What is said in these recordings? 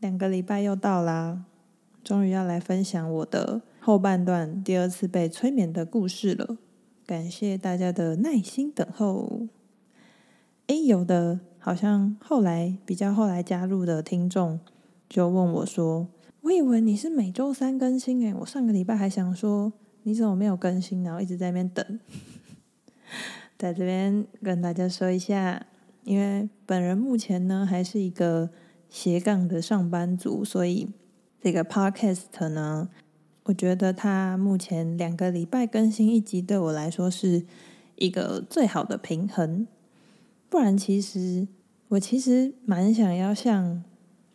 兩個禮拜又到啦，終於要來分享我的後半段第二次被催眠的故事了。感謝大家的耐心等候。欸，有的好像後來比較後來加入的聽眾就問我說：“我以為你是每周三更新欸，我上個禮拜還想說你怎麼沒有更新，然後一直在那邊等。 ”在這邊跟大家說一下，因為本人目前呢還是一個，斜槓的上班族，所以這個 podcast 呢，我覺得它目前兩個禮拜更新一集，對我來說是一個最好的平衡。不然，其實我其實蠻想要像，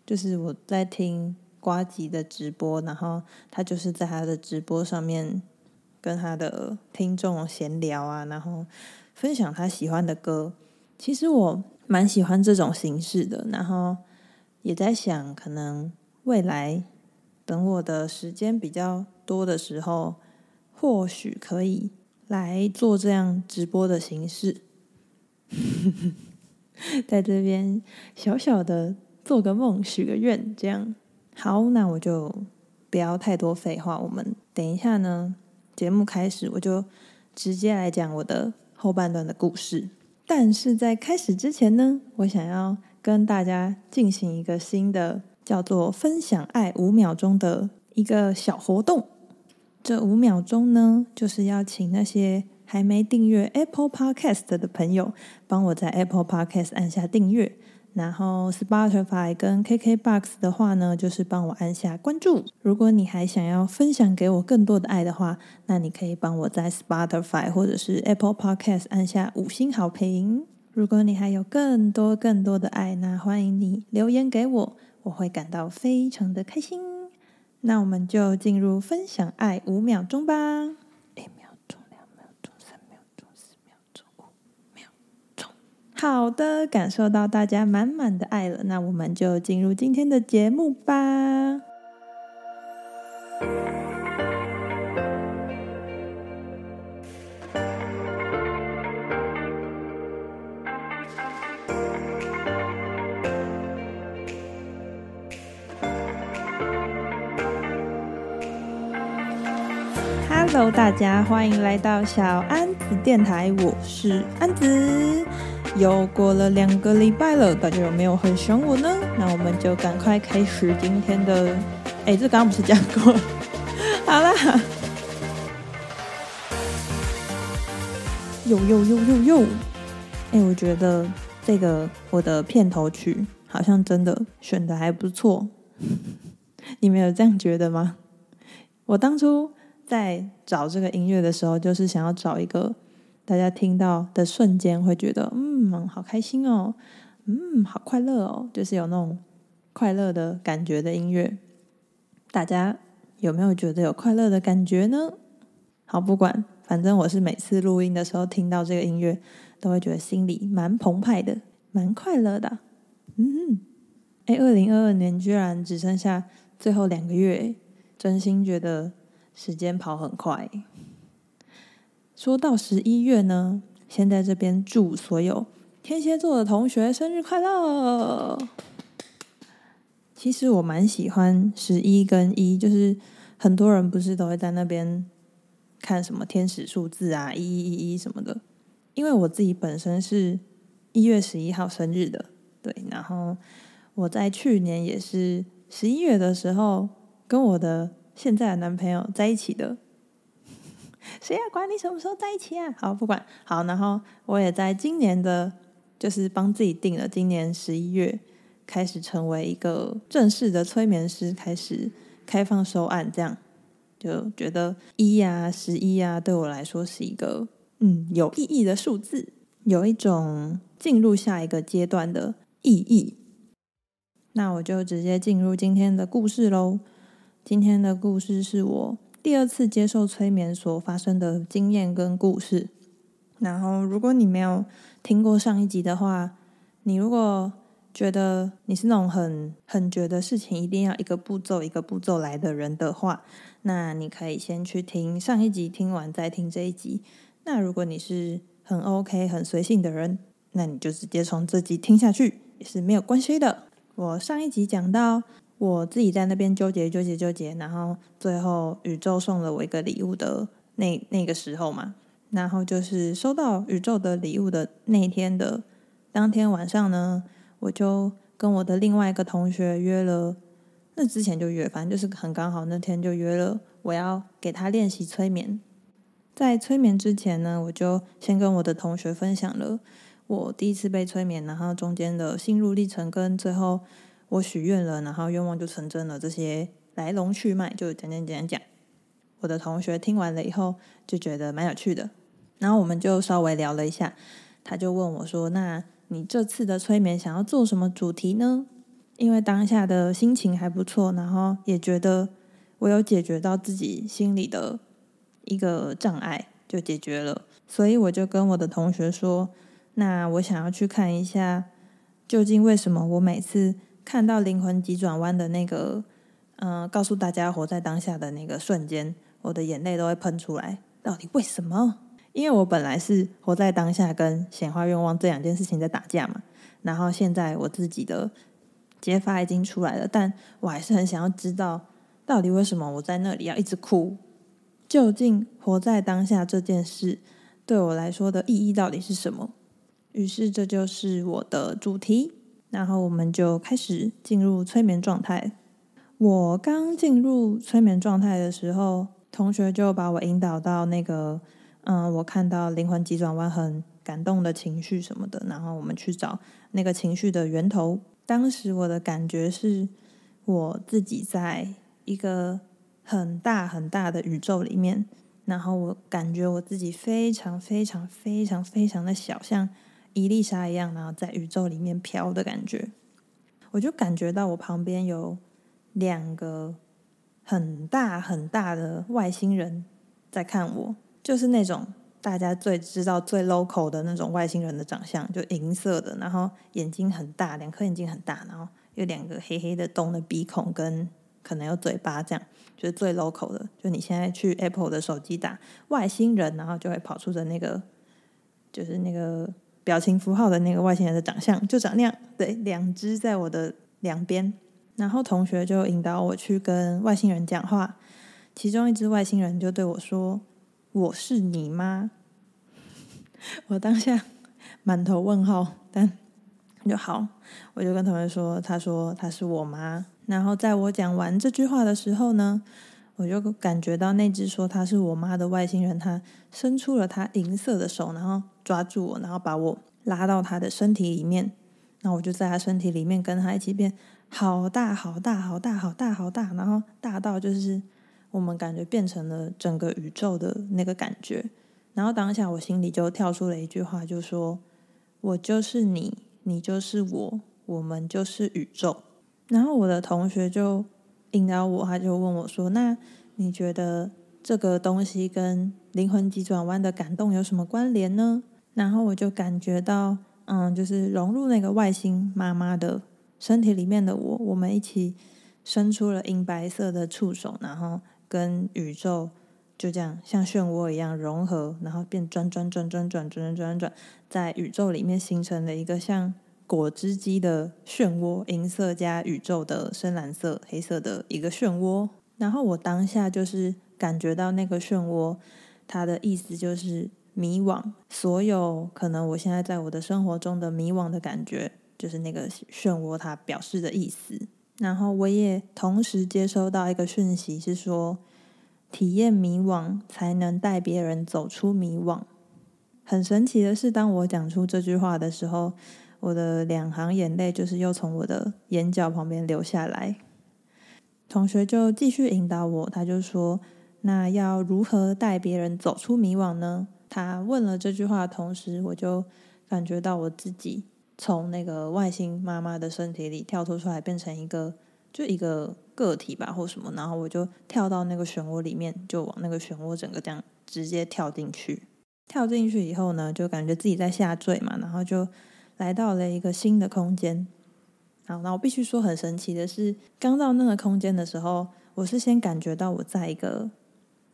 就是我在聽呱吉的直播，然後他就是在他的直播上面跟他的聽眾閒聊啊，然後分享他喜歡的歌。其實我蠻喜歡這種形式的，然後。也在想，可能未來等我的時間比較多的時候，或許可以來做這樣直播的形式， 在這邊小小的做個夢、許個願，這樣好。那我就不要太多廢話，我們等一下呢，節目開始我就直接來講我的後半段的故事。但是在開始之前呢，我想要。跟大家進行一個新的叫做“分享愛五秒鐘”的一個小活動。這五秒鐘呢，就是要請那些還沒訂閱 Apple Podcast 的朋友，幫我在 Apple Podcast 按下訂閱。然後 Spotify 跟 KKBox 的話呢，就是幫我按下關注。如果你還想要分享給我更多的愛的話，那你可以幫我在 Spotify 或者是 Apple Podcast 按下五星好評。如果你還有更多更多的愛，那歡迎你留言給我，我會感到非常的開心。那我們就進入分享愛五秒鐘吧，一秒鐘、兩秒鐘、三秒鐘、四秒鐘、五秒鐘。好的，感受到大家滿滿的愛了，那我們就進入今天的節目吧。Hello，大家歡迎來到小安子電台，我是安子。又過了兩個禮拜了，大家有沒有很想我呢？那我們就趕快開始今天的。哎、欸，這剛剛不是講過？ 好啦。又又又又又。哎、欸，我覺得這個我的片頭曲好像真的選的還不錯。你們有這樣覺得嗎？我當初。在找這個音樂的時候，就是想要找一個大家聽到的瞬間會覺得“嗯，好開心哦，嗯，好快樂哦”，就是有那種快樂的感覺的音樂。大家有沒有覺得有快樂的感覺呢？好，不管，反正我是每次錄音的時候聽到這個音樂，都會覺得心裡蠻澎湃的，蠻快樂的，啊。嗯，哎、欸，二零二二年居然只剩下最後兩個月，真心覺得。時間跑很快，說到十一月呢，先在這邊祝所有天蠍座的同學生日快樂。其實我蠻喜歡十一跟一，就是很多人不是都會在那邊看什麼天使數字啊，一一一一什麼的。因為我自己本身是一月十一號生日的，對。然後我在去年也是十一月的時候，跟我的。現在的男朋友在一起的。啊，誰要管你什麼時候在一起啊？好，不管好。然後我也在今年的，就是幫自己定了，今年十一月開始成為一個正式的催眠師，開始開放收案。這樣就覺得一啊，十一啊，對我來說是一個，嗯，有意義的數字，有一種進入下一個階段的意義。那我就直接進入今天的故事嘍。今天的故事是我第二次接受催眠所發生的經驗跟故事。然後，如果你沒有聽過上一集的話，你如果覺得你是那種很很覺得事情一定要一個步驟一個步驟來的人的話，那你可以先去聽上一集，聽完再聽這一集。那如果你是很 OK 很隨性的人，那你就直接從這集聽下去也是沒有關係的。我上一集講到。我自己在那邊糾結糾結糾結，然後最後宇宙送了我一個禮物的那那個時候嘛，然後就是收到宇宙的禮物的那天的當天晚上呢，我就跟我的另外一個同學約了，那之前就約，反正就是很剛好那天就約了，我要給他練習催眠。在催眠之前呢，我就先跟我的同學分享了我第一次被催眠，然後中間的心路歷程跟最後，我許願了，然後願望就成真了。這些來龍去脈就講講講講。我的同學聽完了以後就覺得蠻有趣的，然後我們就稍微聊了一下。他就問我說：“那你這次的催眠想要做什麼主題呢？”因為當下的心情還不錯，然後也覺得我有解決到自己心裡的一個障礙，就解決了。所以我就跟我的同學說：“那我想要去看一下，究竟為什麼我每次……”看到靈魂急轉彎的那個，嗯、呃，告訴大家活在當下的那個瞬間，我的眼淚都會噴出來。到底為什麼？因為我本來是活在當下跟顯化願望這兩件事情在打架嘛。然後現在我自己的解法已經出來了，但我還是很想要知道，到底為什麼我在那裡要一直哭？究竟活在當下這件事對我來說的意義到底是什麼？於是，這就是我的主題。然後我們就開始進入催眠狀態。我剛進入催眠狀態的時候，同學就把我引導到那個……嗯、呃，我看到靈魂急轉彎，很感動的情緒什麼的。然後我們去找那個情緒的源頭。當時我的感覺是我自己在一個很大很大的宇宙裡面，然後我感覺我自己非常非常非常非常的小，像伊麗莎一樣，然後在宇宙裡面飄的感覺，我就感覺到我旁邊有兩個很大很大的外星人在看我，就是那種大家最知道最 local 的那種外星人的長相，就銀色的，然後眼睛很大，兩顆眼睛很大，然後有兩個黑黑的洞的鼻孔，跟可能有嘴巴，這樣就是最 local 的。就你現在去 Apple 的手機打“外星人”，然後就會跑出的那個，就是那個。表情符號的那個外星人的長相就長那樣，對，兩隻在我的兩邊。然後同學就引導我去跟外星人講話，其中一隻外星人就對我說：“我是你媽。”我當下滿頭問號，但就好，我就跟同學說：“他說他是我媽。”然後在我講完這句話的時候呢，我就感覺到那隻說他是我媽的外星人，他伸出了他銀色的手，然後。抓住我，然後把我拉到他的身體裡面，然後我就在他身體裡面跟他一起變好大好大好大好大好大，好大，然後大到就是我們感覺變成了整個宇宙的那個感覺。然後當下我心裡就跳出了一句話，就說：“我就是你，你就是我，我們就是宇宙。”然後我的同學就引導我，他就問我說：“那你覺得這個東西跟靈魂急轉彎的感動有什麼關聯呢？”然後我就感覺到，嗯，就是融入那個外星媽媽的身體裡面的我，我們一起伸出了銀白色的觸手，然後跟宇宙就這樣像漩渦一樣融合，然後變轉轉轉轉轉轉轉轉轉，在宇宙裡面形成了一個像果汁機的漩渦，銀色加宇宙的深藍色、黑色的一個漩渦。然後我當下就是感覺到那個漩渦，它的意思就是。迷惘，所有可能，我現在在我的生活中的迷惘的感覺，就是那個漩渦，它表示的意思。然後我也同時接收到一個訊息，是說，體驗迷惘才能帶別人走出迷惘。很神奇的是，當我講出這句話的時候，我的兩行眼淚就是又從我的眼角旁邊流下來。同學就繼續引導我，他就說：“那要如何帶別人走出迷惘呢？”他問了這句話的同時，我就感覺到我自己從那個外星媽媽的身體裡跳脫出來，變成一個就一個個體吧，或什麼，然後我就跳到那個漩渦裡面，就往那個漩渦整個這樣直接跳進去。跳進去以後呢，就感覺自己在下墜嘛，然後就來到了一個新的空間。好，那我必須說很神奇的是，剛到那個空間的時候，我是先感覺到我在一個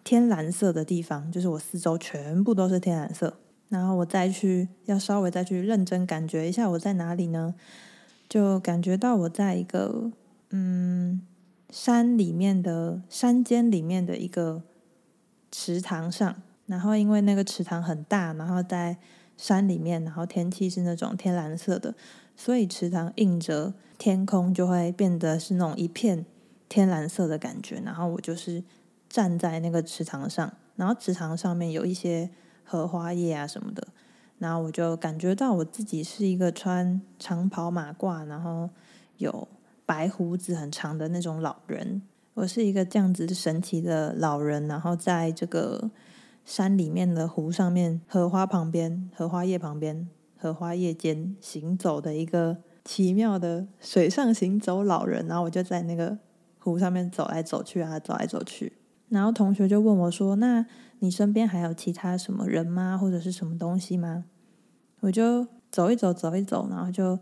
天藍色的地方，就是我四周全部都是天藍色。然後我再去，要稍微再去認真感覺一下我在哪裡呢？就感覺到我在一個，嗯，山裡面的山間裡面的一個池塘上。然後因為那個池塘很大，然後在山裡面，然後天氣是那種天藍色的，所以池塘映着天空就會變得是那種一片天藍色的感覺。然後我就是。站在那個池塘上，然後池塘上面有一些荷花葉啊什麼的，然後我就感覺到我自己是一個穿長袍馬褂，然後有白鬍子很長的那種老人。我是一個這樣子神奇的老人，然後在這個山裡面的湖上面，荷花旁邊，荷花葉旁邊，荷花葉間行走的一個奇妙的水上行走老人。然後我就在那個湖上面走來走去啊，走來走去。然後同學就問我說：“那你身邊還有其他什麼人嗎？或者是什麼東西嗎？”我就走一走，走一走，然後就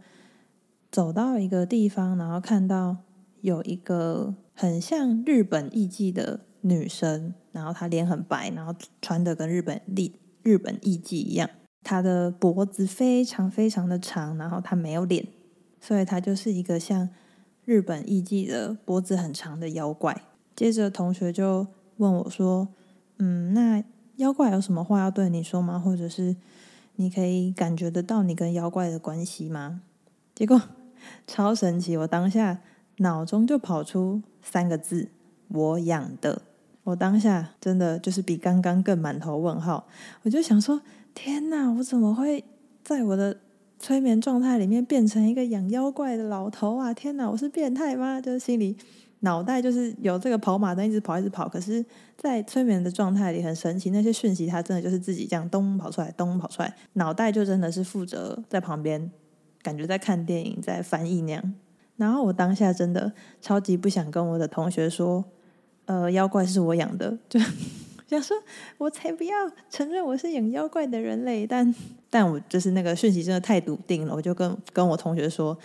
走到一個地方，然後看到有一個很像日本藝妓的女生，然後她臉很白，然後穿的跟日本藝日本藝妓一樣，她的脖子非常非常的長，然後她沒有臉，所以她就是一個像日本藝妓的脖子很長的妖怪。接着同學就問我說：“嗯，那妖怪有什麼話要對你說嗎？或者是你可以感覺得到你跟妖怪的關係嗎？”結果超神奇，我當下腦中就跑出三個字：“我養的。”我當下真的就是比剛剛更滿頭問號。我就想說：“天哪，我怎麼會在我的催眠狀態裡面變成一個養妖怪的老頭啊？天哪，我是變態嗎？”就是心裡。腦袋就是有這個跑馬燈，一直跑，一直跑。可是，在催眠的狀態裡，很神奇，那些訊息它真的就是自己這樣咚跑出來，咚跑出來。腦袋就真的是負責在旁邊，感覺在看電影，在翻譯那樣。然後我當下真的超級不想跟我的同學說，呃，妖怪是我養的，就想說，我才不要承認我是養妖怪的人類。但但我就是那個訊息真的太篤定了，我就跟跟我同學說，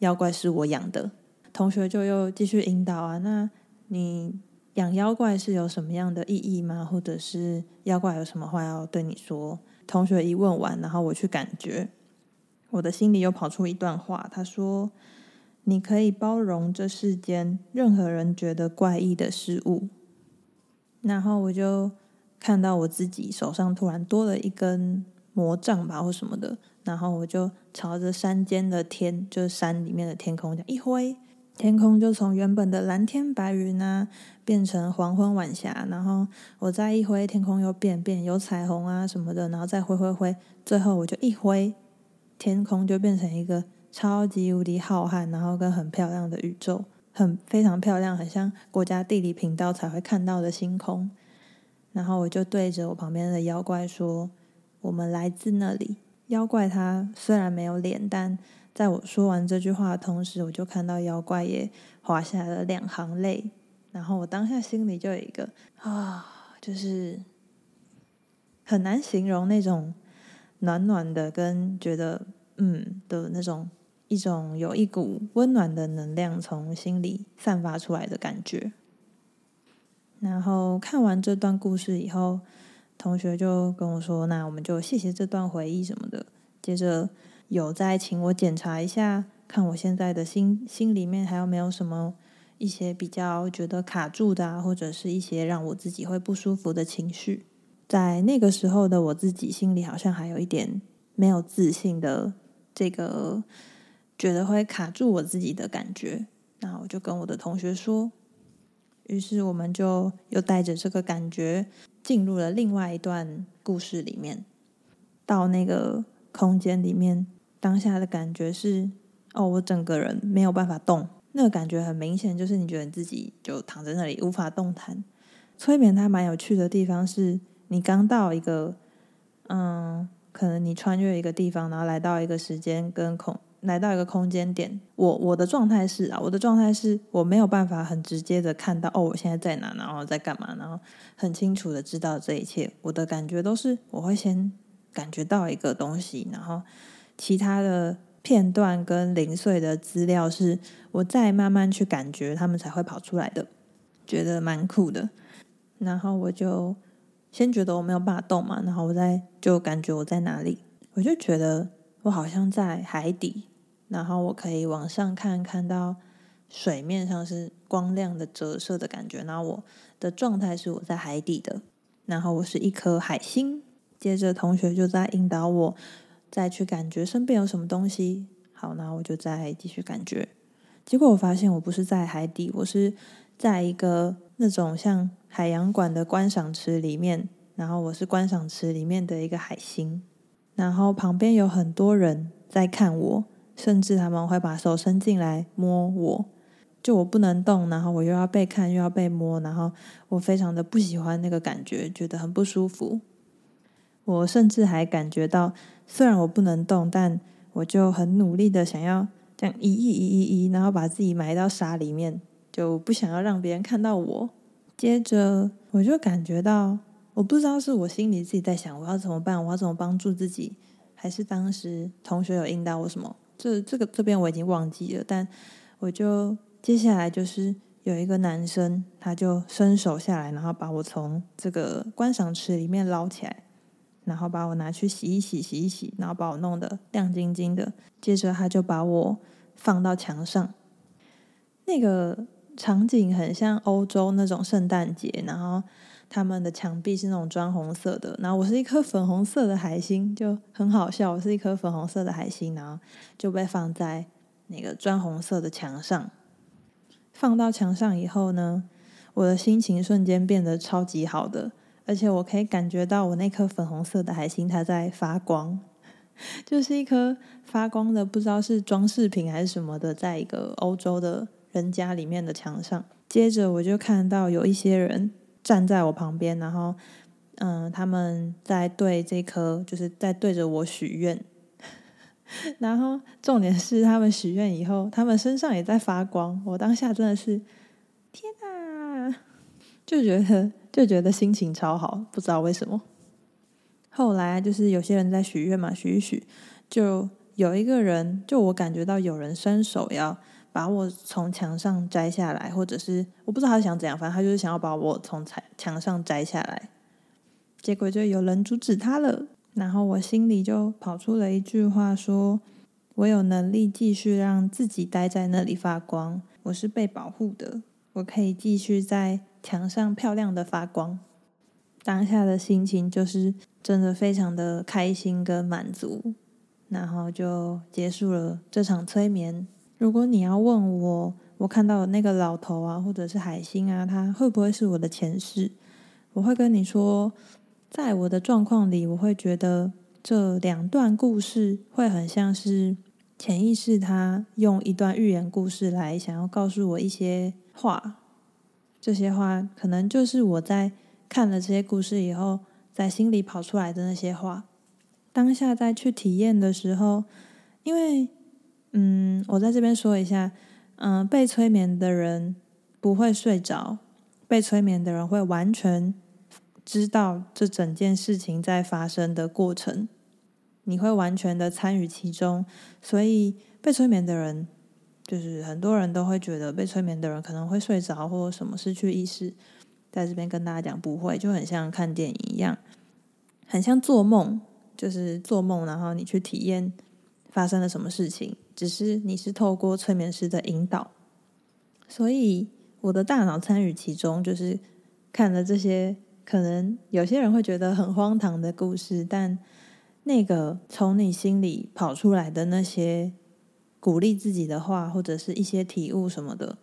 妖怪是我養的。同學就又繼續引導啊，那你養妖怪是有什麼樣的意義嗎？或者是妖怪有什麼話要對你說？同學一問完，然後我去感覺我的心裡又跑出一段話，他說：“你可以包容這世間任何人覺得怪異的事物。”然後我就看到我自己手上突然多了一根魔杖吧，或什麼的，然後我就朝着山間的天，就是山裡面的天空，這樣一揮。天空就從原本的藍天白雲啊，變成黃昏晚霞，然後我再一揮，天空又變變有彩虹啊什麼的，然後再揮揮揮，最後我就一揮，天空就變成一個超級無敵浩瀚，然後跟很漂亮的宇宙，很非常漂亮，很像國家地理頻道才會看到的星空。然後我就對着我旁邊的妖怪說：“我們來自那裡。”妖怪他雖然沒有臉，但。在我說完這句話的同時，我就看到妖怪也滑下了兩行淚。然後我當下心裡就有一個啊、哦，就是很難形容那種暖暖的，跟覺得嗯的那種一種有一股溫暖的能量從心裡散發出來的感覺。然後看完這段故事以後，同學就跟我說：“那我們就謝謝這段回憶什麼的。”接着。有在，請我檢查一下，看我現在的心心裡面還有沒有什麼一些比較覺得卡住的啊，或者是一些讓我自己會不舒服的情緒。在那個時候的我自己心裡，好像還有一點沒有自信的這個覺得會卡住我自己的感覺。那我就跟我的同學說，於是我們就又帶着這個感覺進入了另外一段故事裡面，到那個空間裡面。當下的感覺是，哦，我整個人沒有辦法動。那個感覺很明顯，就是你覺得你自己就躺在那裡無法動彈。催眠它蠻有趣的地方是，你剛到一個，嗯，可能你穿越一個地方，然後來到一個時間跟空，來到一個空間點。我我的狀態是啊，我的狀態是，我，狀態是我沒有辦法很直接的看到哦，我現在在哪，然後在幹嘛，然後很清楚的知道這一切。我的感覺都是，我會先感覺到一個東西，然後。其他的片段跟零碎的資料是我再慢慢去感覺，他們才會跑出來的，覺得蠻酷的。然後我就先覺得我沒有辦法動嘛，然後我再就感覺我在哪裡，我就覺得我好像在海底，然後我可以往上看看，看到水面上是光亮的折射的感覺。然後我的狀態是我在海底的，然後我是一顆海星。接着同學就在引導我。再去感覺身邊有什麼東西。好，然後我就再繼續感覺。結果我發現我不是在海底，我是在一個那種像海洋館的觀賞池裡面。然後我是觀賞池裡面的一個海星，然後旁邊有很多人在看我，甚至他們會把手伸進來摸我，就我不能動。然後我又要被看，又要被摸，然後我非常的不喜歡那個感覺，覺得很不舒服。我甚至還感覺到，雖然我不能動，但我就很努力的想要這樣移一移一移，然後把自己埋到沙裡面，就不想要讓別人看到我。接着我就感覺到，我不知道是我心裡自己在想，我要怎麼辦？我要怎麼幫助自己？還是當時同學有應到我什麼？這這個這邊我已經忘記了，但我就接下來就是有一個男生，他就伸手下來，然後把我從這個觀賞池裡面撈起來。然後把我拿去洗一洗，洗一洗，然後把我弄得亮晶晶的。接着他就把我放到牆上，那個場景很像歐洲那種聖誕節，然後他們的牆壁是那種磚紅色的。然後我是一顆粉紅色的海星，就很好笑。我是一顆粉紅色的海星，然後就被放在那個磚紅色的牆上。放到牆上以後呢，我的心情瞬間變得超級好的。而且我可以感覺到我那顆粉紅色的海星，它在發光，就是一顆發光的，不知道是裝飾品還是什麼的，在一個歐洲的人家裡面的牆上。接着我就看到有一些人站在我旁邊，然後嗯、呃，他們在對這顆，就是在對着我許願。然後重點是，他們許願以後，他們身上也在發光。我當下真的是天哪，就覺得。就覺得心情超好，不知道為什麼。後來就是有些人在許願嘛，許一許，就有一個人，就我感覺到有人伸手要把我從牆上摘下來，或者是我不知道他想怎樣，反正他就是想要把我從牆上摘下來。結果就有人阻止他了，然後我心裡就跑出了一句話說，說我有能力繼續讓自己待在那裡發光，我是被保護的，我可以繼續在。牆上漂亮的發光，當下的心情就是真的非常的開心跟滿足，然後就結束了這場催眠。如果你要問我，我看到的那個老頭啊，或者是海星啊，他會不會是我的前世？我會跟你說，在我的狀況裡，我會覺得這兩段故事會很像是潛意識，他用一段寓言故事來想要告訴我一些話。這些話可能就是我在看了這些故事以後，在心裡跑出來的那些話。當下在去體驗的時候，因為，嗯，我在這邊說一下，嗯、呃，被催眠的人不會睡着，被催眠的人會完全知道這整件事情在發生的過程，你會完全的參與其中，所以被催眠的人，就是很多人都會覺得被催眠的人可能會睡着或者什麼失去意識，在這邊跟大家講不會，就很像看電影一樣，很像做夢，就是做夢，然後你去體驗發生了什麼事情，只是你是透過催眠師的引導，所以我的大腦參與其中，就是看了這些可能有些人會覺得很荒唐的故事，但那個從你心裡跑出來的那些鼓勵自己的話，或者是一些體悟什麼的，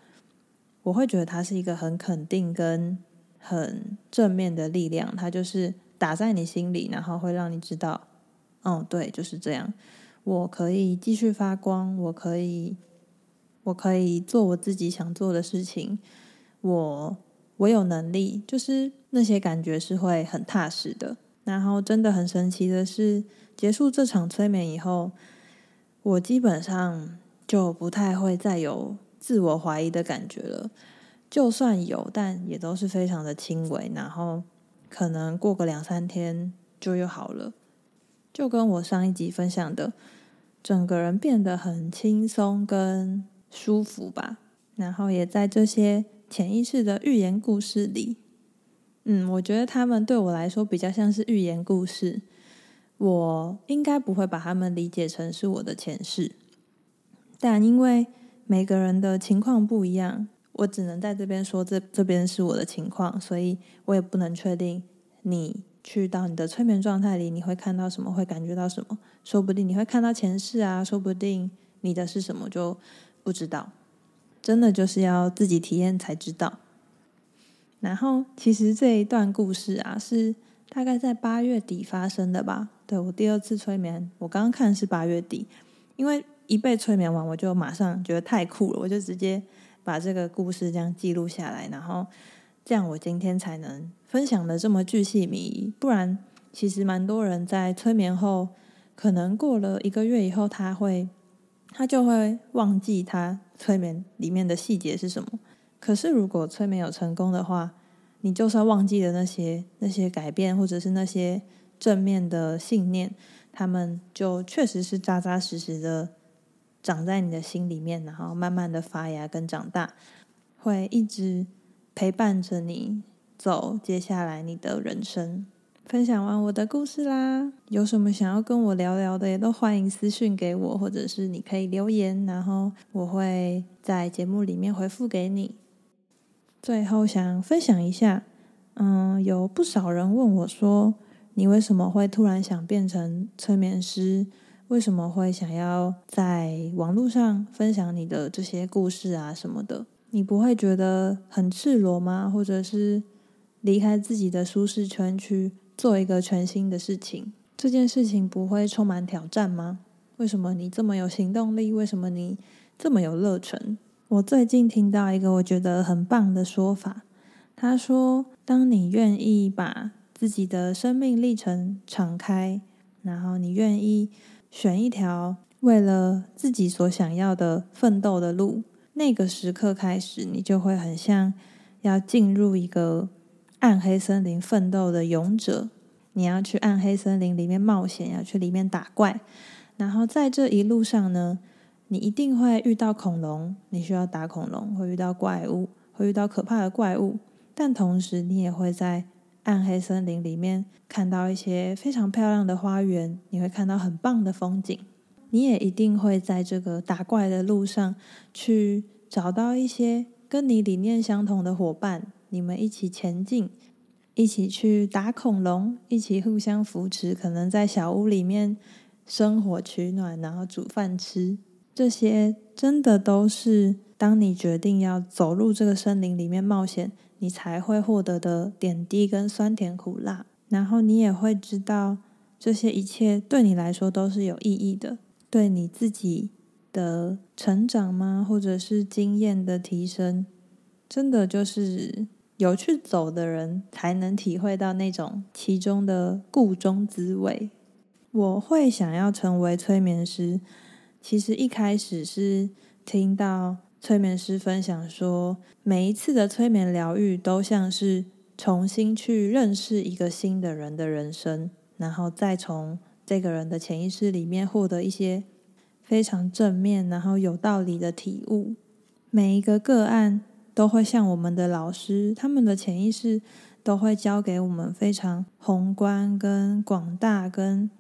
我會覺得它是一個很肯定、跟很正面的力量。它就是打在你心裡，然後會讓你知道，嗯、哦，對，就是這樣。我可以繼續發光，我可以，我可以做我自己想做的事情。我，我有能力，就是那些感覺是會很踏實的。然後，真的很神奇的是，結束這場催眠以後。我基本上就不太會再有自我懷疑的感覺了，就算有，但也都是非常的輕微，然後可能過個兩三天就又好了。就跟我上一集分享的，整個人變得很輕鬆跟舒服吧。然後也在這些潛意識的寓言故事裡，嗯，我覺得他們對我來說比較像是寓言故事。我應該不會把他們理解成是我的前世，但因為每個人的情況不一樣，我只能在這邊說這這邊是我的情況，所以我也不能確定你去到你的催眠狀態裡你會看到什麼，會感覺到什麼。說不定你會看到前世啊，說不定你的是什麼就不知道，真的就是要自己體驗才知道。然後其實這一段故事啊，是大概在八月底發生的吧。對，我第二次催眠，我剛剛看是八月底，因為一被催眠完，我就馬上覺得太酷了，我就直接把這個故事這樣記錄下來，然後這樣我今天才能分享的這麼巨細靡遺。不然，其實蠻多人在催眠後，可能過了一個月以後，他會他就會忘記他催眠裡面的細節是什麼。可是，如果催眠有成功的話，你就算忘記了那些那些改變，或者是那些。正面的信念，他們就確實是扎扎實實的長在你的心裡面，然後慢慢的發芽跟長大，會一直陪伴着你走接下來你的人生。分享完我的故事啦，有什麼想要跟我聊聊的，也都歡迎私信給我，或者是你可以留言，然後我會在節目裡面回復給你。最後想分享一下，嗯，有不少人問我說。你為什麼會突然想變成催眠師？為什麼會想要在網絡上分享你的這些故事啊什麼的？你不會覺得很赤裸嗎？或者是離開自己的舒適圈去做一個全新的事情？這件事情不會充滿挑戰嗎？為什麼你這麼有行動力？為什麼你這麼有熱忱？我最近聽到一個我覺得很棒的說法，他說：“當你願意把。”自己的生命歷程敞開，然後你願意選一條為了自己所想要的奮鬥的路。那個時刻開始，你就會很像要進入一個暗黑森林奮鬥的勇者。你要去暗黑森林裡面冒險，要去裡面打怪。然後在這一路上呢，你一定會遇到恐龍，你需要打恐龍；會遇到怪物，會遇到可怕的怪物。但同時，你也會在暗黑森林裡面看到一些非常漂亮的花園，你會看到很棒的風景。你也一定會在這個打怪的路上去找到一些跟你理念相同的夥伴，你們一起前進，一起去打恐龍，一起互相扶持。可能在小屋裡面生火取暖，然後煮飯吃。這些真的都是當你決定要走入這個森林裡面冒險，你才會獲得的點滴跟酸甜苦辣，然後你也會知道這些一切對你來說都是有意義的，對你自己的成長嗎？或者是經驗的提升？真的就是有去走的人才能體會到那種其中的苦中滋味。我會想要成為催眠師，其實一開始是聽到，催眠師分享說，每一次的催眠療癒都像是重新去認識一個新的人的人生，然後再從這個人的潛意識裡面獲得一些非常正面，然後有道理的體悟。每一個個案都會像我們的老師，他們的潛意識都會教給我們非常宏觀、跟廣大、跟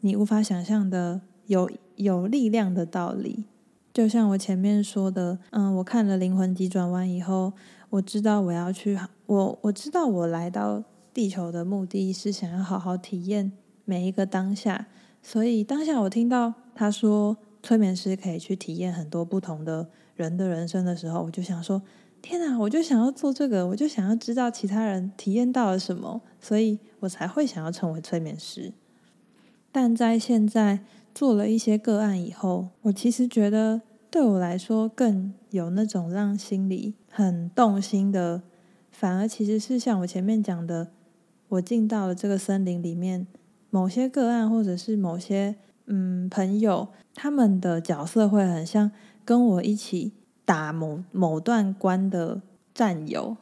你無法想象的有有力量的道理。就像我前面說的，嗯，我看了《靈魂急轉彎》以後，我知道我要去，我我知道我來到地球的目的，是想要好好體驗每一個當下。所以當下我聽到他說，催眠師可以去體驗很多不同的人的人生的時候，我就想說：天哪！我就想要做這個，我就想要知道其他人體驗到了什麼，所以我才會想要成為催眠師。但在現在，做了一些個案以後，我其實覺得對我來說更有那種讓心裡很動心的，反而其實是像我前面講的，我進到了這個森林裡面，某些個案或者是某些嗯朋友，他們的角色會很像跟我一起打某某段關的戰友，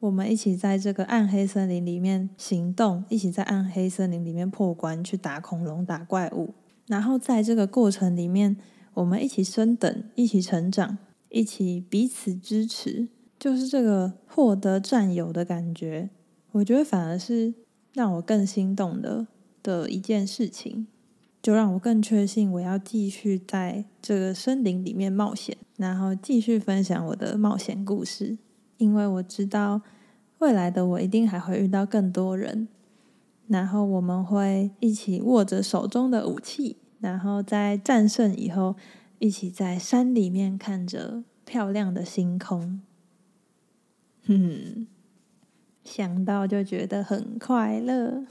我們一起在這個暗黑森林裡面行動，一起在暗黑森林裡面破關，去打恐龍、打怪物。然後在這個過程裡面，我們一起升等，一起成長，一起彼此支持，就是這個獲得戰友的感覺。我覺得反而是讓我更心動的的一件事情，就讓我更確信我要繼續在這個森林裡面冒險，然後繼續分享我的冒險故事。因為我知道未來的我一定還會遇到更多人。然後我們會一起握着手中的武器，然後在戰勝以後，一起在山裡面看着漂亮的星空。嗯，想到就覺得很快樂。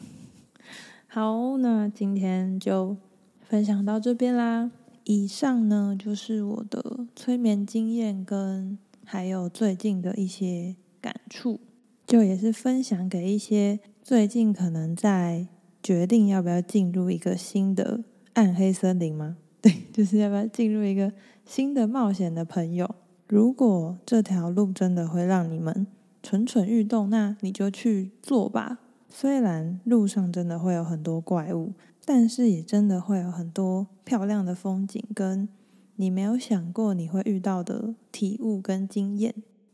好，那今天就分享到這邊啦。以上呢，就是我的催眠經驗跟還有最近的一些感觸，就也是分享給一些。最近可能在決定要不要進入一個新的暗黑森林嗎？對，就是要不要進入一個新的冒險的朋友。如果這條路真的會讓你們蠢蠢欲動，那你就去做吧。雖然路上真的會有很多怪物，但是也真的會有很多漂亮的風景，跟你沒有想過你會遇到的體悟跟經驗。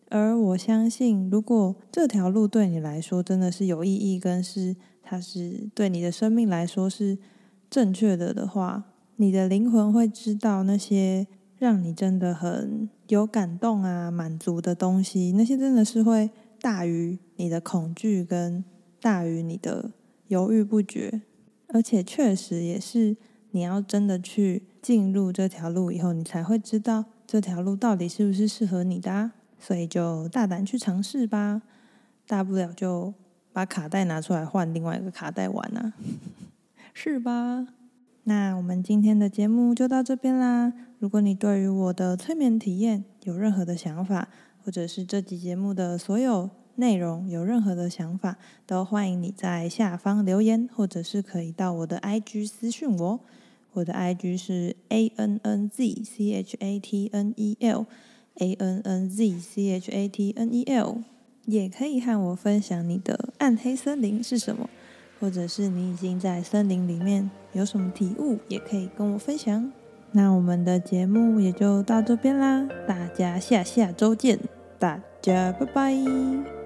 而我相信，如果這條路對你來說真的是有意義，跟是它是對你的生命來說是正確的的話，你的靈魂會知道那些讓你真的很有感動啊、滿足的東西。那些真的是會大於你的恐懼，跟大於你的猶豫不決。而且，確實也是你要真的去進入這條路以後，你才會知道這條路到底是不是適合你的啊。所以就大膽去嘗試吧，大不了就把卡帶拿出來換另外一個卡帶玩啊，是吧？那我們今天的節目就到這邊啦。如果你對於我的催眠體驗有任何的想法，或者是這集節目的所有內容有任何的想法，都歡迎你在下方留言，或者是可以到我的 IG 私訊我。我的 IG 是 a n n z c h a t n e l。A N N Z C H A T N E L，也可以和我分享你的暗黑森林是什麼？或者是你已經在森林裡面有什麼體悟，也可以跟我分享。那我們的節目也就到這邊啦，大家下下週見，大家拜拜。